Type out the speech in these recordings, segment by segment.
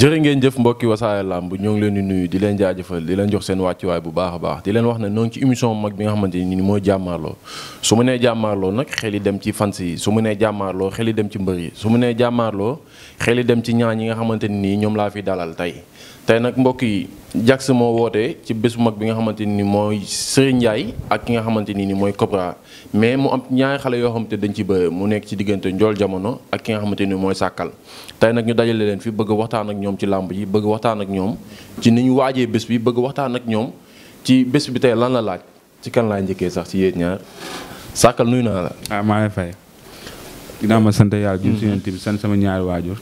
jëre ngeen jëf mbokki lam làmb ñoo ngi leen di nuyu di leen jaajëfal di leen jox seen wàccuwaay bu baax a baax di leen wax ne noo ngi ci émission mag bi nga xamante ni mooy jàmmaarloo su mu nee jàmmaarloo nag xel yi dem ci fans yi su mu nee xel yi dem ci mbër yi su mu nee jàmmaarloo xel dem ci ñi nga xamante ni nii ñoom laa fi dalal tey tey nag mbokk yi Jax moo wootee ci bés bu mag bi nga xamante nii mooy Serigne Ndiaye ak ki nga xamante ni ni mooy Cobra mais mu am ñaari xale yoo xam xamante dañ ci bëre mu nekk ci diggante njool jamono ak ki nga xamante ni mooy sàkkal tey nag ñu dajale leen fii bëgg waxtaan ak ñoom ci làmb ji bëgg waxtaan ñoom ci ni ñu waajee bés bi bëgg waxtaan ak ñoom ci bés bi tey lan la laaj ci kan laay njëkkee sax ci yéen ñaar sàkkal nuyu naa la. ah maa ngi fay. dinaa ma sant yàlla jur si yéen bi sant sama ñaari waajur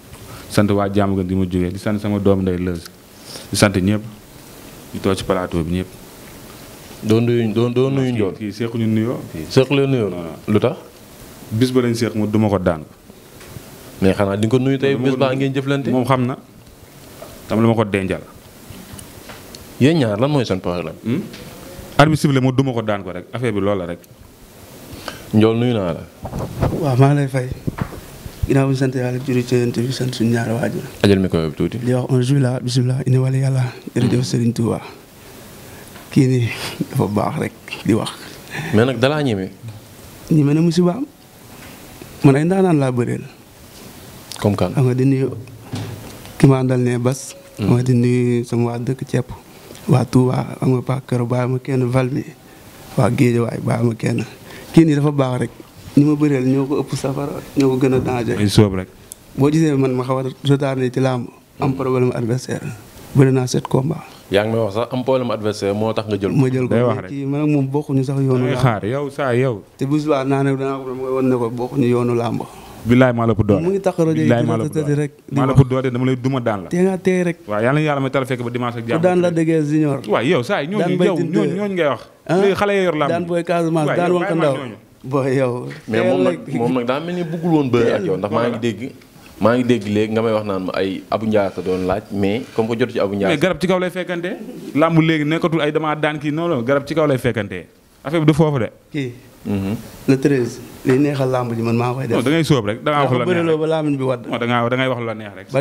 sant waa jàmm gën di ma jógee di sant sama doom ndey lëz di sant ñëpp di toog ci plateau bi ñëpp. doo nuyu doo doo nuyu njool kii nuyoo. seeq leen nuyoo lu tax. bis ba lañ seeq ma du ko daan. mais xanaa di ko nuyu tey bis baa ngeen jëflante. moom xam na tam la ma ko dencal. yéen lan mooy seen problème. Hmm? arbitre ma duma ko daan ko rek affaire bi loolu la rek. njool nuyu naa la. waaw maa lay fay. ginnaaw bi ñu sant yàlla juri cëyante bi sant suñu ñaar waajur. ajal mi ko tuuti. di wax un jour la bisimilah indi wala yàlla jërëjëf Serigne Touba. kii nii dafa baax rek di wax. mais nag dalaa ñeme. ñeme na musibaam man ay ndaanaan laa bëreel. comme kan xam di nuyu ki ne bas. Hmm. xam di nuyu sama waa dëkk ceeb. waa tu xam nga Paa Kër bàyyi ma kenn val waa Géej waay bàyyi ma kenn kii nii dafa baax rek ñi ma bëreel ñoo ko ëpp safara ñoo ko gën a danger. ay soob rek. boo gisee man ma xaw a retardé ci am problème adversaire bëri naa sept combat yaa ngi may wax sax am problème adversaire moo tax nga jël ko. ma jël ko kii man ak moom xaar yow saa yow. te bu subaa naa ne danaa ko mooy yoonu làmb. billaay maa la ëpp doole mu tax rajo yi rek maa la ëpp doole dama lay duma daan la tee nga tey rek waaw yàlla na yàlla may tala fekk ba dimanche ak jàmm daan la déggee junior waaw yow saa yi ñooñu yow ngay wax ah, léegi moom nag moom nag daa mel ni bëggul woon bëri ak yow ndax maa ngi dégg maa ngi dégg léegi nga may wax naan ma ay Abu sa doon laaj mais comme que jot ci Abu Ndiaka. mais garab ci kaw lay fekkantee. làmb léegi nekkatul ay damaa daan kii non non garab ci kaw lay fekkante affaire bi du foofu de. kii Mm-hmm. le treize. li neexal lamb ji man maa koy def. da ngay rek da wax lu la neex rek ba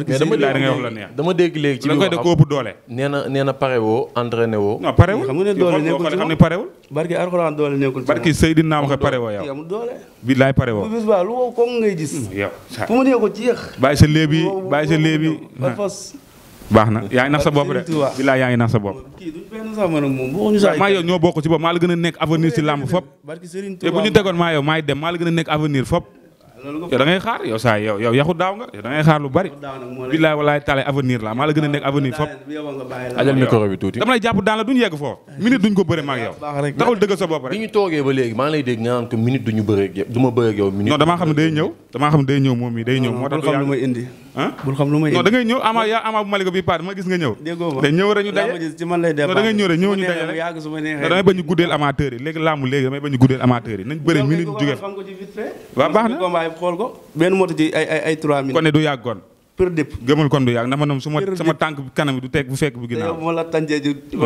laamin bi nee na nee na pare woo entraîné woo. non pare wul xam woo yow. yow doole. bi laay pare woo. bu bis baa lu wow koŋŋ ngay gis. Mm, yow fu mu nekkul ci yéex. bàyyi sa léeb yi baax na yaa ngi nax sa bopp de bilaay yaa ngi nax sa maa yow ñoo bokk ci bopp maa la gën a nekk avenir ci làmb fop te bu ñu tegoon maa yow maay a xaar yow saa yow yow yaxu daaw nga yow da ngay xaar lu bari bilaay walaay tale avenir la maa la gën a nekk avenir fop ajal micro bi tuuti dama lay jàpp daan la duñ yegg foofu minute duñ ko bëre maa ak yow taxul dëgg sa bopp rek bi ñu maa lay dégg nga naan ko minute duñu bëre du ma bëre ak yow minute non damaa xam ne day ñëw damaa xam ne day ñëw moom mi day ñëw moo tax ah bul xam lu may non da ngay ñëw ama yaa ama bu malika bi paar ma gis nga ñëw te ñëw rek ñu daje ci man lay def da ñëw ñu daje rek damay a guddeel amateur yi léegi làmb léegi damay bañ xool ko benn moto ci ay ay ay ne du yàggoon për dëpp gëmal kon du yàgg ndax man suma sama tànk kanam du bu fekk bu ginnaaw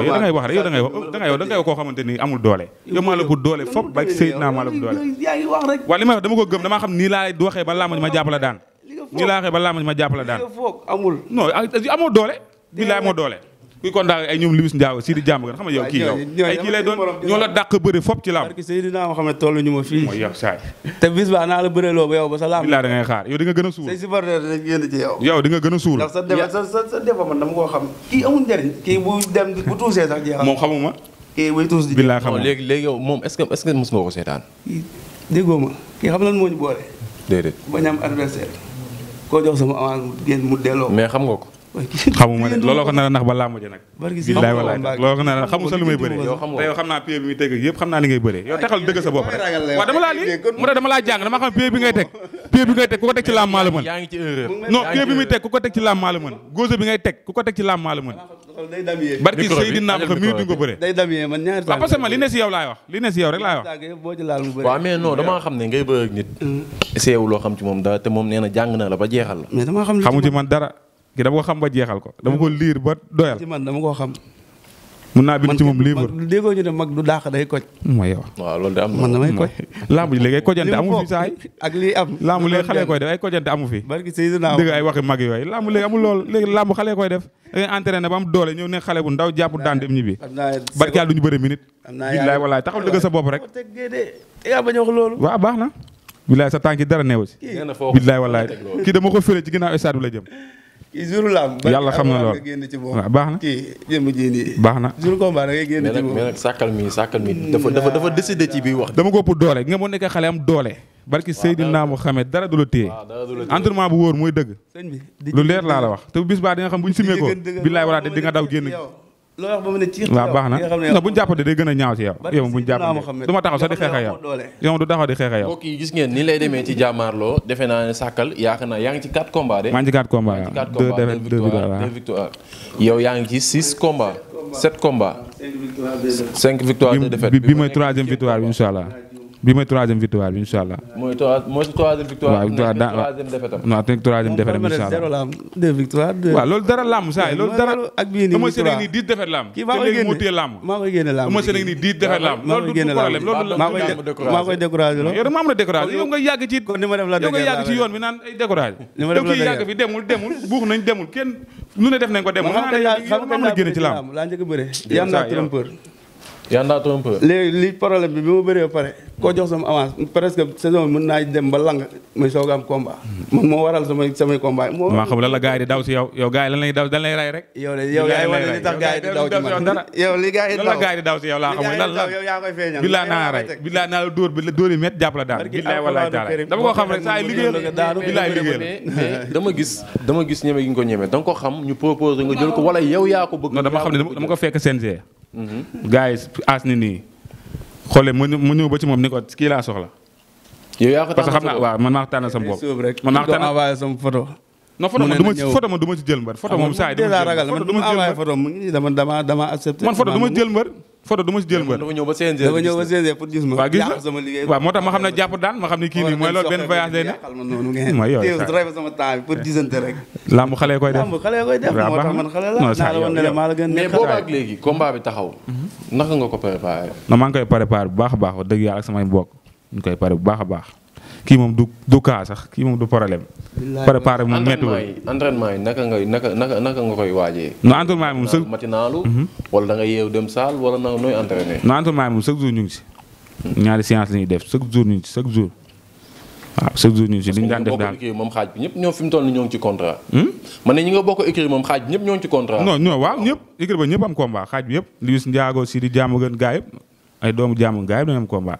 yow da wax rek yow da wax koo xamante ni amul doole yow maa la ko doole fop ba Seydina maa la ko doole waaw li may dama ko gëm dama xam nii laa lay waxee ba làmb ma jàpp la daan ñu laaxee ba laamañ ma jàppale daan amul. non amoo doole. billaay amoo doole. kuy kontaan ay ñoom Liss Ndiago Sidi Diamb xam nga yow kii yow ay la dàq bëre fop ci laam. parce que Seydina ñu ma fii. te bis ba naa la bëree loo ba sa laam. billaay da ngay xaar yow di a suul. a suul. ndax sa defa sa sa defa man dama xam. kii amul njëriñ. kii bu dem bu tuusee sax jeexal. moom billaay moom est-ce que est nga ko seetaan. déggoo ma kii xam lan moo boole. déedéet bañ koo jox sama avance mu génn mu delloo. mais xam nga ko. xamuma ne looloo ko nar a nax ba làmb ja nag billaay ko nar a xamu sa lu may bëree te xam naa pied bi muy teg yëpp xam naa li ngay bëree yow la la mën góose bi ngay teg ku ko teg la nit mm. seewu loo xam ci moom dara te moom nee jàng na la ba jeexal la xamu ci man dara ki dama ko xam ba jeexal ko dama ko liir ba doyal. ci man dama koo xam. mun naa bind ci moom livre man déggoo ñu ne mag du daax day koj. mooy yow. waaw loolu de am man damay koj. làmb ji léegi ay kojante amu fi saay ak lii am. làmb léegi xale koy def ay kojante amu fi. barki lool léegi làmb xale koy def. da ngay entraîné ba am doole ñëw ne xale bu ndaw jàpp daan dem ñibbi. am naa barki yàlla du ñu bëri minute. am naa billaay walaay taxaw sa bopp rek. yaa bañ a wax baax na. billaay sa tànk dara neewu ci. billaay walaay kii dama ko féré ci ginnaaw stade bi la jëm kii jour yàlla xam na lool nga génn ci moom baax na kii jëmm ji nii. baax na jour combat da ngay sàkkal mi sàkkal mi dafa dafa dafa ci biir wax. dama ko ëpp doole nga moo nekk xale am doole. barki Seydina Muhammad dara du la téye entraînement bu wóor mooy dëgg. lu leer laa la wax te bu bis baa di xam bu ñu ko billaay walaate di nga daw génn. loolu ba mu baax na non bu ñu jàppante day gën a ñaaw ci yow yow bu ñu jàppante du ma taxaw sax di xeex ak yow yow du taxaw di xeex ak ni lay demee ci jàmmaarloo defe naa ne sàkkal yaa ngi ci 4 combats de maa ngi ci 4 combats 2 victoires yow yaa ngi ci 6 combats 7 combats 5 victoires de défaite bi mooy troisième victoire bi incha bi mooy troisième victoire bi incha allah. mooy trois mooy troisième victoire. waaw victoire daan waaw non ak troisième loolu dara làmb saa yi loolu dara. ak bii nii victoire ëmma seen dix défaite kii maa koy génne te léegi maa koy génne làmb léegi dix défaite làmb. maa koy génne làmb loolu maa koy découragé maa la ne def nañ ko demul. xam nga yàndaatu un peu. léegi li problème bi bi ma bëree ba pare. koo jox sama avance presque saison bi mën naa dem ba lang muy soog a am combat. man moo waral samay samay combat yi. moo xam lan la gars yi di daw si yow yow gars yi lan lay daw dañ lay ray rek. yow de yow yaay wane li tax la la yow yaa koy feeñal. billaa la dóor bi dóor yi métti jàpp la daan. billaa walaay taala dama gis dama gis ñeme gi ko ñeme da ko xam ñu proposé nga jël ko wala yow yaa ko bëgg. dama xam ne dama ko fekk CNG gars yi aas ni nii xoolee mu mu ñëw ba ci moom ni ko kii laa soxla. yow yaa ko parce que xam naa waaw man maa ko tànnal sama bopp man maa ko tànnal envoyé sama foto non photo man ma duma man du ma ci jël mbër. photo ah, moom saa yi du ma ci jël mbër dama dama accepté. man photo du ma jël mbër. photo du ma si jël mbër dafa gis ma waaw na sama liggéey waaw moo tax ma xam ne jàpp daan ma xam ne kii nii mooy loolu benn voyage lay xale koy def moo tax man xale la naa la woon ne la maa la gën mais boobu ak léegi combat bi taxaw mhm. naka nga ko préparé non maa ngi koy préparé bu baax a baax wax dëgg yàlla ak samay mbokk ñu koy préparé bu baax a baax kii moom du du kaa sax kii moom du problème. préparé moom météo entraînement yi naka ngay naka naka naka nga koy waajee. non entraînement yi moom chaque matinalu. Mhm. wala da nga yeew dem saal wala na nooy entraîné. non entraînement yi si. Hmm. ñaari séance la ñuy def chaque jour ñu ngi si chaque jour. waaw daan def daal parce xaaj ñëpp ñoom fi mu ñoo ngi ci hmm? écrit moom xaaj bi ñëpp ñoo ngi ci contrat. non non waaw ñëpp écrit ba ñëpp am combat xaaj bi ñëpp. Liss Ndiago Sidi Diamaguène gaa yëpp ay doomu Diamaguène gaa yëpp dañu am combat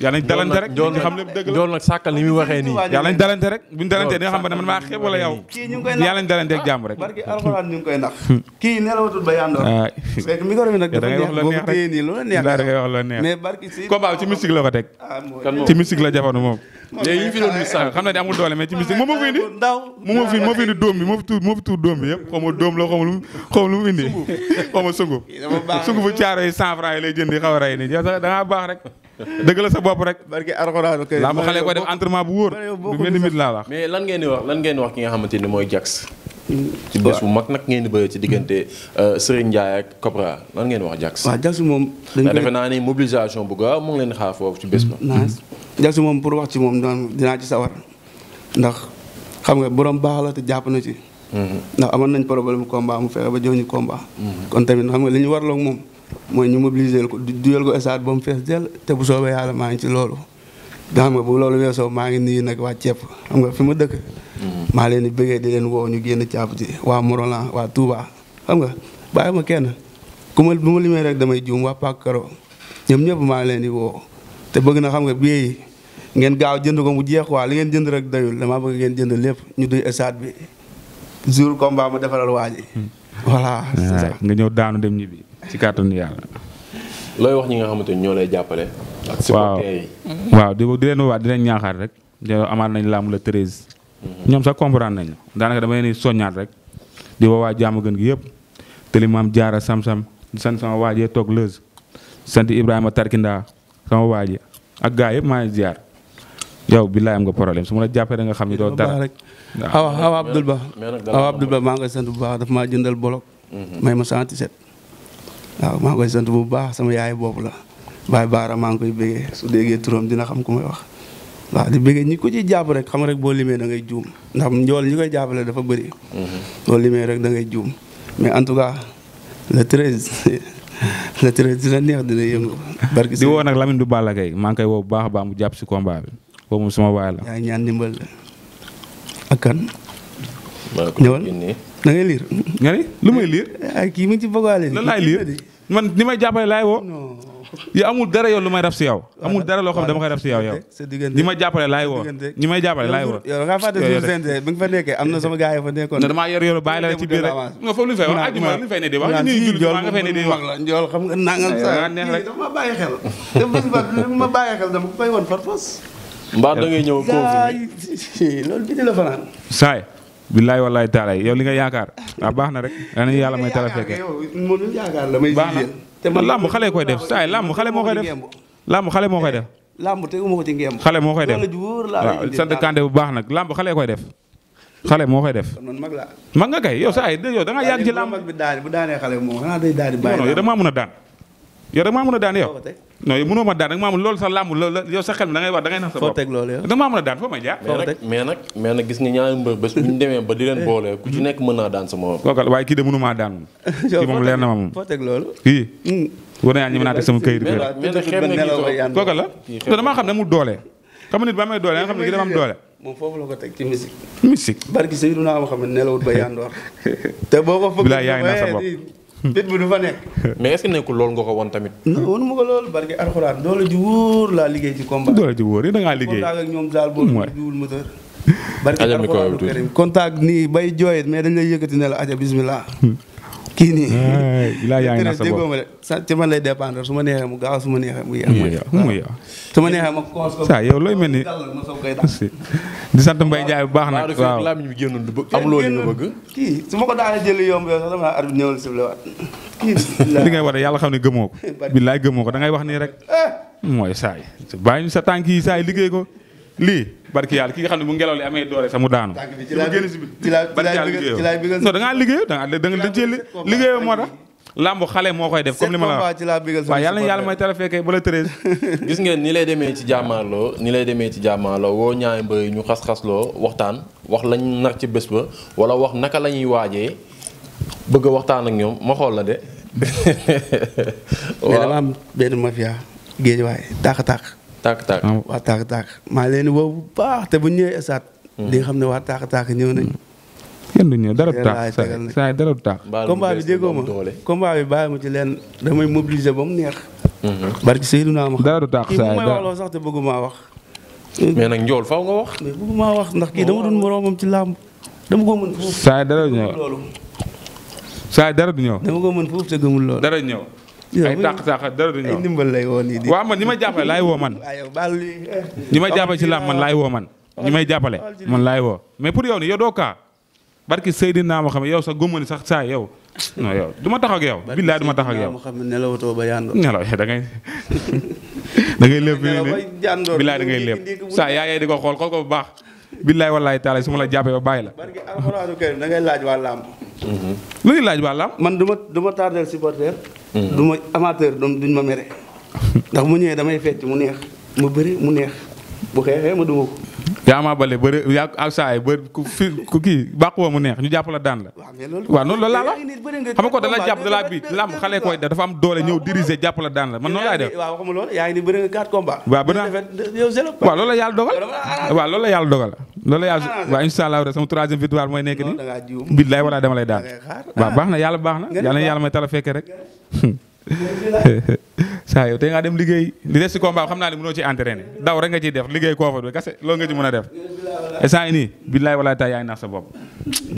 yaa nañ dalante rek doon xam ne dëgg la doon nag sàkkal ni muy waxee nii yaa nañ dalante rek xam ne man maa xeeb wala koy nax yaa nañ dalante ak jàmm rek barki alxuraan ñu ngi koy nax hmm. kii nelawatul ba yandoor fekk micro da ngay wax la neex rek nii lu la neex da ngay wax la neex mais barki si ci mystique la ko teg ah, ci mystique la jafanu moom xam na ne amul doole mais ci mystique moom moo fi indi ndaw moom fi indi dóom bi moo fi tuur moo bi yëpp xaw ma la xaw lu xaw ma lu mu indi xaw ma sunguf sunguf caaro yi cent franc yi lay jëndi xaw a nii da ngaa baax rek dëgg la sa bopp rek. barke Alxuraan kay laa mu xale ko def bu wóor. du mit laa wax. lan ngeen wax ki nga xamante ni mooy Jax. Hmm. ci bés bu mag nag ngeen di bëri ci diggante euh, Serigne Ndiaye ak Cobra lan ngeen di wax Jax. waaw Jax moom. dañ koy defe naa ne bu gaaw mu ngi leen xaar foofu hmm. moom pour wax ci moom dinaa ci sawar ndax xam nga borom baax la te jàpp na ci. Hmm. ndax amoon nañ problème combat mu fexe ba jox ñu combat. kon tamit xam nga li ñu moom mooy ñu mobiliser ko duyal ko stade ba mu fees dell te bu soobee yàlla maa ngi ci loolu. xam nga bu loolu weesoo maa ngi nuyu nag waa ceeb xam nga fi ma dëkk. Mm-hmm. maa leen di bëggee di leen woo ñu génn càpp ci waa Morolan waa Touba xam nga bàyyi ma kenn ku ma bu rek damay juum waa Pàkkaro ñoom ñëpp maa leen di woo te bëgg na xam nga billets ngeen gaaw jënd ko mu jeex waa li ngeen jënd rek dayul damaa bëgg ngeen jënd lépp ñu duy stade bi jour combat ma defaral waa ji. Mm-hmm. nga ñëw daanu dem ñibbi. ci kàttanu yàlla. looy wax ñi nga xamante ni ñoo lay jàppale. ak supporters yi waaw di di leen woowaat di leen ñaaxaat rek la treize. Mhm. ñoom sax comprendre nañu daanaka dama leen di soññaat rek di woowaa jàmm gën gi yëpp te jaara sam-sam di sant sama waajee toog lëz sant Ibrahima Tarkinda sama waaje ak gaa yëpp maa ngi ziar yow billaay am nga problème su ma la jàppee da nga xam ni doo dara rek awa awa Abdoul Ba awa Abdoul Ba maa ngi sant bu baax daf maa jëndal bolok mhm. may ma santi set waaw maa ngi koy sant bu baax sama yaay boobu la Baye Baara maa ngi koy bëggee su déggee turam dina xam ku may wax waaw di bëggee ñi ku ci jàpp rek xam rek boo limee da ngay juum ndax njool ñi koy jàppale dafa bëri mm-hmm. boo limee rek da ngay juum mais en tout cas le treize le treize dina neex dina yëngu barki di woo nag Lamine du Balla Gaye maa ngi koy woo bu baax a baax mu jàpp si combat bi boobu moom sama waay la yaa ñaan ndimbal ak kan ñëwal da ngay liir. nga ni lu may liir. ay ah, kii mu ci bëggoon lan laay liir man ni may jàppale laay wo yow amul dara yow lu may raf si yow. amul dara loo xam dama koy raf si yow yow. ni may jàppale laay woo. ñi may jàppale laay wo yow nga fàtte jour CNG bi nga fa nekkee am na sama gars yi fa nekkoon. ne damaa yor yor bàyyi la ci biir rek. nga foofu lu fay wax fay ne di wax. ñu ngi julli nga fay ne di wax xam nga nangal sa neex rek dafa ma bàyyi xel. te bés ma bàyyi xel dama ko fay woon par force. mbaa da ñëw kooku. loolu bi la fanaan. saay billaay wallaay taalaay yow li nga yaakaar ah baax na rek danañ yàlla may tala fekkee baax na te man làmb xale def saay làmb xale moo koy def eh, làmb xale moo koy def làmb teguma ko ci ngeem xale moo koy def waaw sant Kande bu baax nag làmb xale koy def xale moo koy def mag nga kay yow saay yow da nga yàgg ci làmb bi daane daanee xale moom xanaa day yow da maa mën a daan yow da maa mën a daan yow non yow mënoo ma daan nag maa am loolu sax làmb loolu yow sa xel mi da ngay wax da ngay nax sa bopp foo teg loolu yow da maa mën a daan foo may jaar mais nag mais nag gis nga ñaari mbër bés bu ñu demee ba di naa sama moom kookal waaye kii de maa hmm. xam ne mu doole xam nit ba amee doole nga xam ne kii dafa am doole moom foofu ko teg ci musique musique barki sëy dunaa ma xam ne nelawut ba yandoor Hmm. nit bu du fa nekk. mais est-ce que nekkul loolu nga ko woon tamit. Hmm. wonu ma ko loolu barke alxuraan doole ji laa liggéey ci combat. doole ji wóor yi da liggéey contact ak ñoom daal boobu jiwul moteur. barke alxuraan lu kërim contact nii bay jooyit mais dañ lay yëkkati ne la aja bismillah hmm. kii nii. Eh, ilaa yaa ngi nax sa bopp ci man lay ma neexee mu gaaw su ma neexee mu yéex. mu yéex su ma neexee ma koos ko. saa yow looy mel ni di sant Mbaye Ndiaye bu baax nag. waaw laa mi ñu génnoon du bëgg am loolu nga ma ko daanee jël yomb yow sax dama arbitre li ngay war yàlla xam ne gëmoo ko. billaay ko da ngay wax nii rek. Eh. mooy saa yi ñu sa tànk yi liggéey ko. lii barki yàlla ki nga xam ne bu ngelaw li amee doole sax mu daanu. ci laay ci laay ci laay bi non da ngaa liggéeyoo da ngaa da nga cee liggéeyoo moo tax. lambu xale moo koy def comme li ma la wax waaw yàlla na yàlla may tara fekkee ba la tërees gis ngeen ni lay demee ci jàmmaarloo ni lay demee ci jàmmaarloo woo ñaari mbër yi ñu xas-xasloo waxtaan wax lañ nar ci bés ba wala wax naka la ñuy waajee bëgg a waxtaan ak ñoom ma xool la de mais dama am benn mafia géej waaye tàq-tàq tàkk tàkk ah, waa tàkk tàkk maa ngi bu baax te bu ñëwee esaat. di hmm. xam ne waa tàkk tàkk ñëw nañu. Hmm. kenn du ñëw dara du tàkk saa dara du tàkk. combat bi déggoo ma ma ci leen damay mobiliser ba mu neex. Hmm. barki Seydina ma. dara du tàkk saa yi may wax loo sax te bëgguma wax. mais nag njool faaw nga wax. mais bëgguma wax ndax kii dama doon oh. moroomam ci làmb dama ko mën foofu. saa dara du ñëw du ñëw. dama ko mën foofu te gëmul loolu dara ñëw ay tàq-tàq dara du ñëw ay ndimbal lay woo nii di. man ñi ma jàppale laay woo man. ñi may jàppale man laay woo may jàppale man laay woo mais pour yow ni yow doo kaa barki naa ma xam yow sa góob sax saa yow. non yow du ma tax ak yow. billaay du ma tax ak yow xam ne nelawatoo ba yàndoo. nelaw eh, da ngay da ngay lépp billaay da ngay lépp saa yaayee di ko xool xool ko bu baax billaay wallaay taala su ma la jàppee ba bàyyi la. barki lu ñuy laaj Balla. man duma ma du ma tardel supporter. Mhm. du ma amateur duñ ma mere. ndax mu ñëwee damay fecc mu neex mu bëri mu neex bu xeexee ma duma ko. yaa Ama Baldé bëri yaa ak saa ku kii bàquwa mu neex ñu jàpp la daan la. waaw noonu loolu laa la xam nga ko dana jàpp da laa biit lam xale koy dafa am doole ñëw diriger jàpp la daan la man noonu laay def. waaw waxuma loolu yaa ngi ni bëri nga quatre combats. waaw ba naa waaw loolu la yàlla dogal. waaw loolu la yàlla dogal. loolu la yàlla ah, waaw incha allah sama troisième victoire mooy nekk nii. billaay wala dama lay daan. waaw ah. baax na yàlla baax na yàlla na yàlla may tala fekke rek saa yow tey ngaa dem liggéey li des ci combat xam naa ne mënoo ci entraîné daw rek nga ciy def liggéey koofat bi kase loolu nga ci mën a def instant yi nii billaay walaay taa nax sa bopp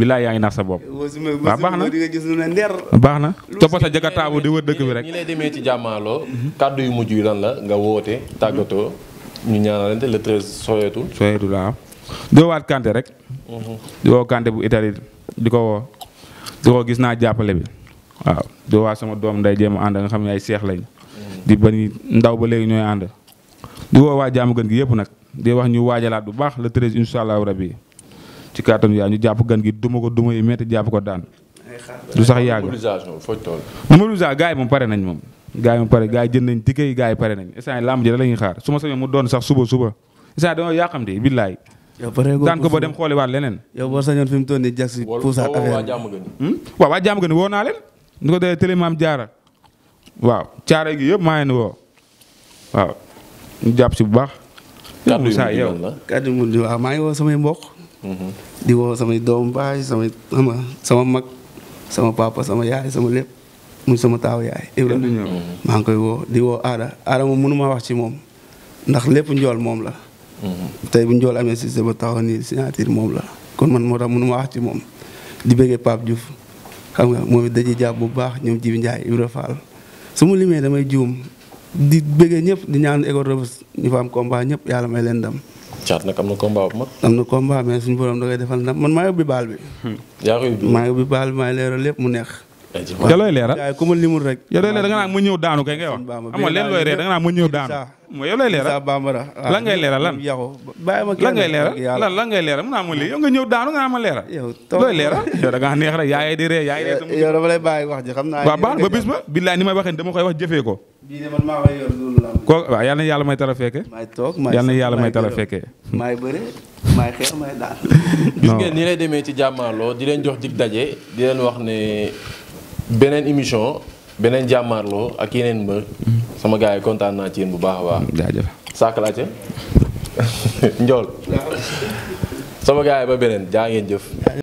billaay yaa ngi nax sa bopp waaw baax na baax na toppatoo jëkka taabu di wër dëkk bi rek ñi lay demee ci jàmmaaloo kàddu yu mujj yi lan la nga woote tàggatoo ñu ñaanalante le treize soyeetul soyeetul waaw di waat Kanté rek mhm. di woo Kanté bu Italie di ko woo di ko gis naa jàppale bi waaw doo waa sama doom nday jéem a ànd nga xam ne ay seex lañ di ba ñu ndaw ba léegi ñooy ànd di woo waa jaamu gën gi yëpp nag di wax ñu waajalaat bu baax le treize incha allahu rabi ci kàttan yaa ñu jàpp gan gi duma ko duma yi metti jàpp ko daan du sax yàgg mobilisation gars yi moom pare nañ moom gars yi moom pare gars yi jënd nañ ticket yi gars yi pare nañ instant lamb ji da la ñuy xaar su ma sañoon mu doon sax suba daan ko ba dem xooli waat leneen yow boo sañoon fi mu toll nii jag si pousaat affaire hmm? waaw waa jaamu gën woo naa leen lu ko defee télé maam jaara waaw caare gi yëpp maa ngi woo waaw ñu jàpp si bu baax. kaddu yu yow kaddu yu waaw maa ngi woo samay mbokk. Mhm. di woo samay doom baay samay ama sama mag sama papa sama yaay sama lépp muy sama taaw yaay. Ibrahima mhm. maa ngi koy woo di woo aada aada moom mënu maa wax ci moom ndax lépp njool moom la. Mhm. tey bu njool amee si ba taxaw nii signature moom la kon man moo tax mënu ma wax ci moom di bëggee Pape Diouf. xam nga moom it dañuy jàpp bu baax ñoom Jibi Ndiaye Ibra Fall su ma limee damay juum di bëggee ñëpp di ñaan école Rebeuss ñu fa am combat ñëpp yàlla may leen ndam. caat nag am na combat bu mag. am na combat mais suñu da koy defal ndam man maa ngi baal bi. Hmm. yaa ngi ubbi maa baal bi maa ngi leeral lépp mu neex. Eh, yaa looy leeral. yaa ku ma rek. yaa looy leeral da nga naan ma ñëw daanu kay ngay wax. amoo leen looy ree da nga ma ñëw daanu. mooy yow lay leeral bambara ah, lan ngay leeral lan lan ngay leeral lan lan ngay leeral mun naa ma lii yow nga ñëw daanu nga ama leeral looy leeral yow da neex rek yaay di ree yaay di yow dama lay bàyyi wax ji xam naa waaw baal ba bis ba billaay ni may waxee dama koy wax jëfee ko man maa koy yor loolu la yàlla na yàlla may fekke maay toog yàlla na yàlla may tara fekke maay bëre maay xeex maay daal gis ngeen ni lay demee ci jàmmaarloo di leen jox dig daje di leen wax ne beneen émission beneen jàmmaarloo ak yeneen mbër. sama gars yi kontaan naa ci yéen bu baax a baax. jaajëf saaka laa ca njool sama gars yi ba beneen jaa ngeen jëf.